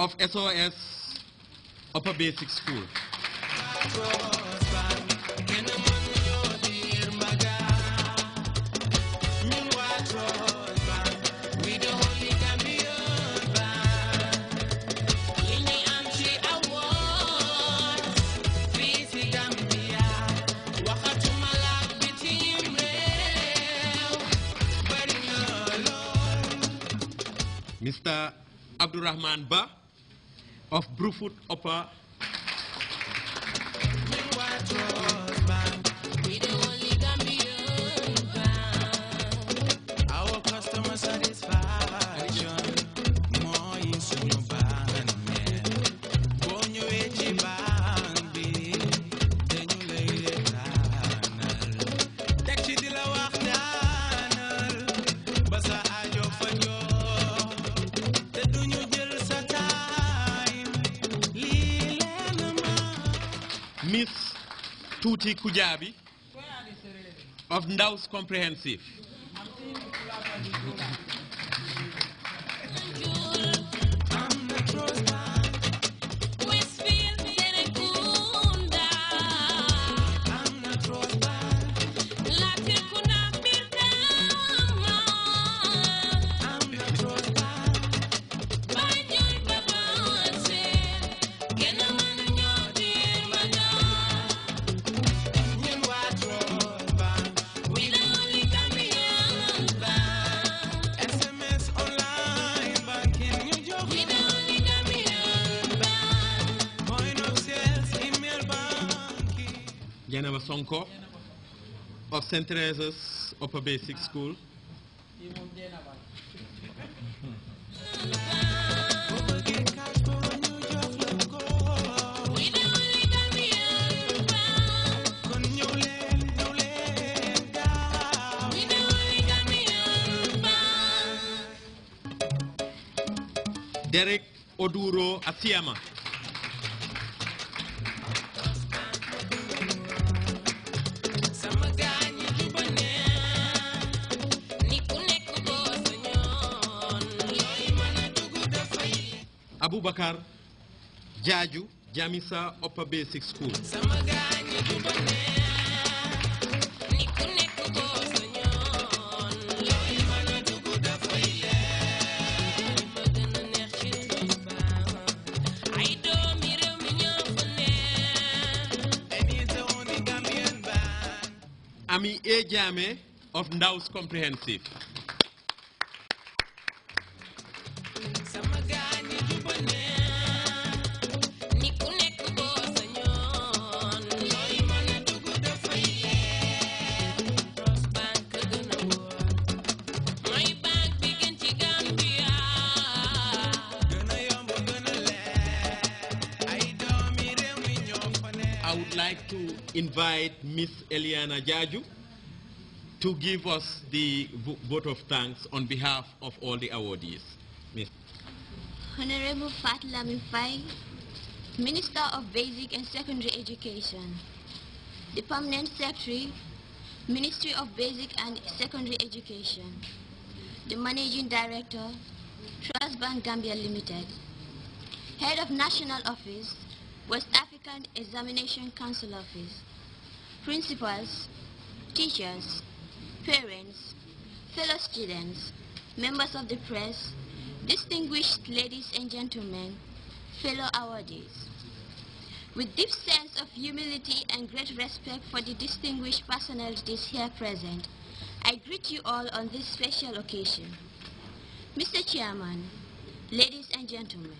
of SOS Upper Basic School. Mr. Abdurrahman Ba, of Brufut Upper Miss Tuti Kujabi of Ndaus Comprehensive. Sonko of St. Teresa's Upper Basic School. Derek Oduro Asiama. Aboubacar Jaaju Jamisa Upper Basic School. Ami A. E Jammeh of Ndaws Comprehensive. like to invite Miss Eliana Jaju to give us the vote of thanks on behalf of all the awardees. Ms. Honorable Fatla Mifai, Minister of Basic and Secondary Education, the Permanent Secretary, Ministry of Basic and Secondary Education, the Managing Director, Trust Bank Gambia Limited, Head of National Office, West African Examination Council Office, principals, teachers, parents, fellow students, members of the press, distinguished ladies and gentlemen, fellow awardees. With deep sense of humility and great respect for the distinguished personalities here present, I greet you all on this special occasion. Mr. Chairman, ladies and gentlemen,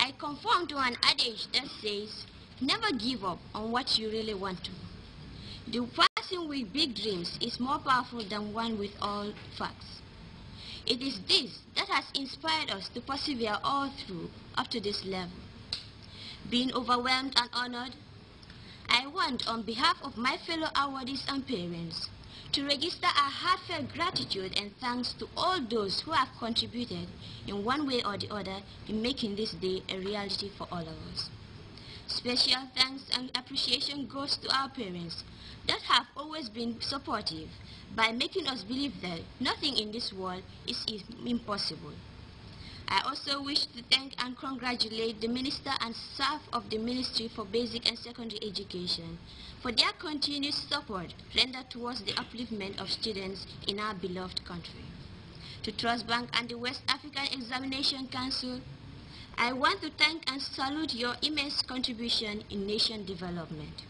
I conform to an adage that says, never give up on what you really want to. The person with big dreams is more powerful than one with all facts. It is this that has inspired us to persevere all through up to this level. Being overwhelmed and honored, I want on behalf of my fellow awardees and parents to register our heartfelt gratitude and thanks to all those who have contributed in one way or the other in making this day a reality for all of us. Special thanks and appreciation goes to our parents that have always been supportive by making us believe that nothing in this world is impossible. I also wish to thank and congratulate the Minister and staff of the Ministry for Basic and Secondary Education for their continued support rendered towards the upliftment of students in our beloved country. To Trust Bank and the West African Examination Council, I want to thank and salute your immense contribution in nation development.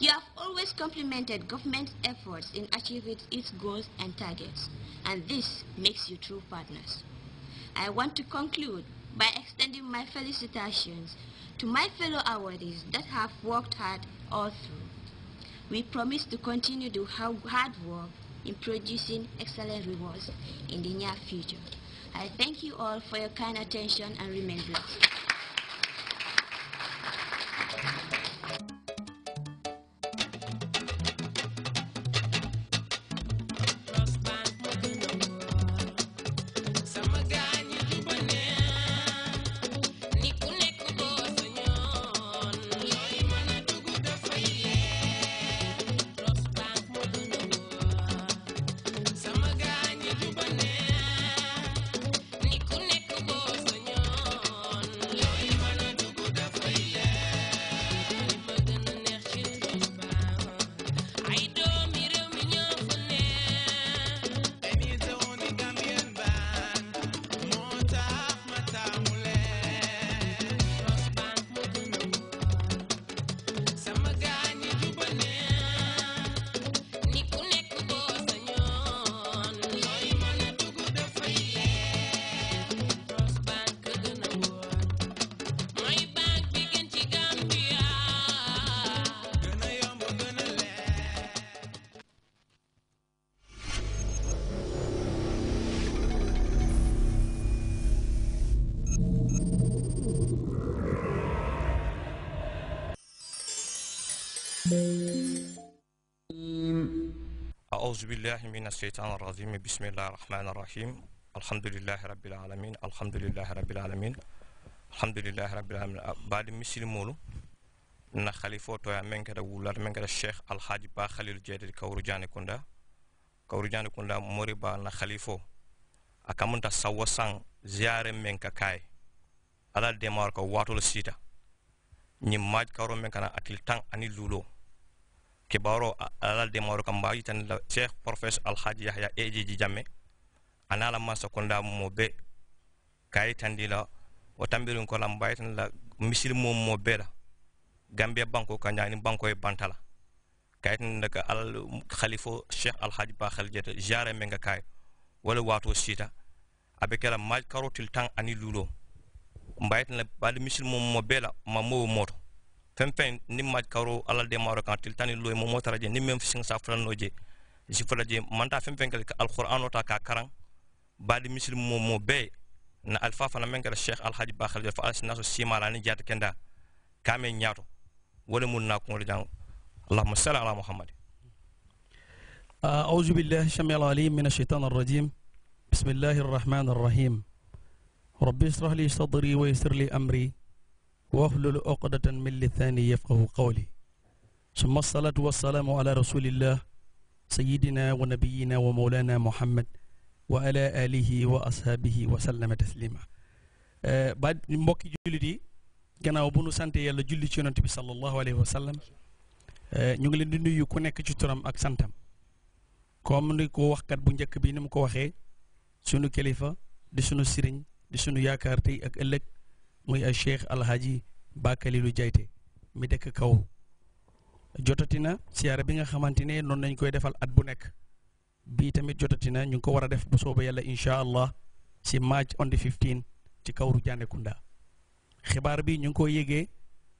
You have always complemented government's efforts in achieving its goals and targets, and this makes you true partners. I want to conclude by extending my felicitations to my fellow awardees that have worked hard all through. We promise to continue the hard work in producing excellent rewards in the near future. I thank you all for your kind attention and remembrance. أعوذ بالله من الشيطان الرجيم بسم الله الرحمن الرحيم الحمد لله رب العالمين الحمد لله رب العالمين الحمد لله رب العالمين بعد مثل مولو نا خليفه تو من كده ولار من كده الشيخ الحاج با خليل جدي كورو جاني كوندا كورو جاني كوندا موري با نا خليفه اكامون تا سوا سان زيار من كاي على ديمارك واتول سيتا ني ماج كورو من كان اتل تان اني لولو kibaro de mawɗo kamba mbawi la cheikh professeur hadji yahya ji jamme anala konda mo be kayi tandila o tambirun ko lam baytan la misil mom mo la gambia banko ka jani banko e bantala kay tan daga al khalifo cheikh hadji ba jeta jare me nga kayi wala wato sita aɓe maj karotil tan ani lulo mbaytan la bal misil mom mo la ma mo moto fenfen ni maj karo alal de maro kan til tani loy mo motara je ni mem fising sa fulan noje si fulan je manta fenfen kal alquran ta ka karan badi muslim mo mo be na alfa fana men kala cheikh al hajj bakhal fa al sinaso simala ni jata kenda kame nyaato wala mun na ko jang allahumma salli ala muhammad أعوذ بالله الشميع العليم من الشيطان الرجيم بسم الله الرحمن الرحيم ربي اشرح لي صدري ويسر لي أمري واحلل عقدة من لساني يفقه قولي ثم الصلاة والسلام على رسول الله سيدنا ونبينا ومولانا محمد وعلى آله وأصحابه وسلم تسليما آه، بعد مبكي جلدي كان أبونا سانتي يلا جلدي شنون تبي صلى الله عليه وسلم نيو لي نيو كو نيك سي تورام اك سانتام كوم ني كو واخ دي سونو سيرين دي سونو ياكارتي اك الك muy ay cheikh alhaji Bakalilu Jayte mi dekk kaw jotati na siyaara bi nga xamante ne noonu lañ koy defal at bu nekk bii tamit jotati na ñu ngi ko war a def bu soobee yàlla incha allah si match on the 15 ci kawru Jaanekunda xibaar bi ñu ngi ko yégee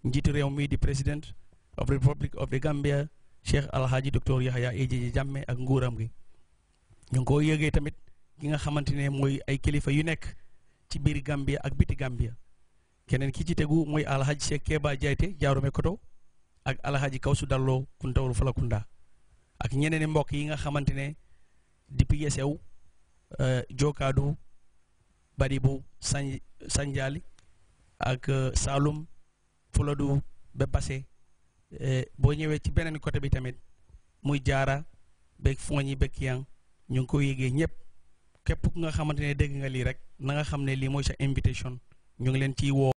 njiitu réew mii di président of Republic of the Gambia cheikh alhaji docteur Yahya AJJ Jammeh ak nguuram gi ñu ngi ko yégee tamit ki nga xamante ne mooy ay kilifa yu nekk ci biir Gambia ak biti Gambia keneen ki ci tegu mooy alhaji Cheikh Keba Jaayte jaarume koto ak kaw Kawsu Dalloo kuntawul Falakunda ak ñeneen mbokk yi nga xamante ne sew yesew euh, Jokaadu Badibu San Sanjaali ak euh, Saalum Fuladu ba Basse euh, boo ñëwee ci beneen côté bi tamit muy jaara beeg fooñi beeg yang ñu ngi koy yégee ñëpp képp ku nga xamante ne dégg nga lii rek na nga xam ne lii mooy sa invitation ñu ngi leen ciy woo.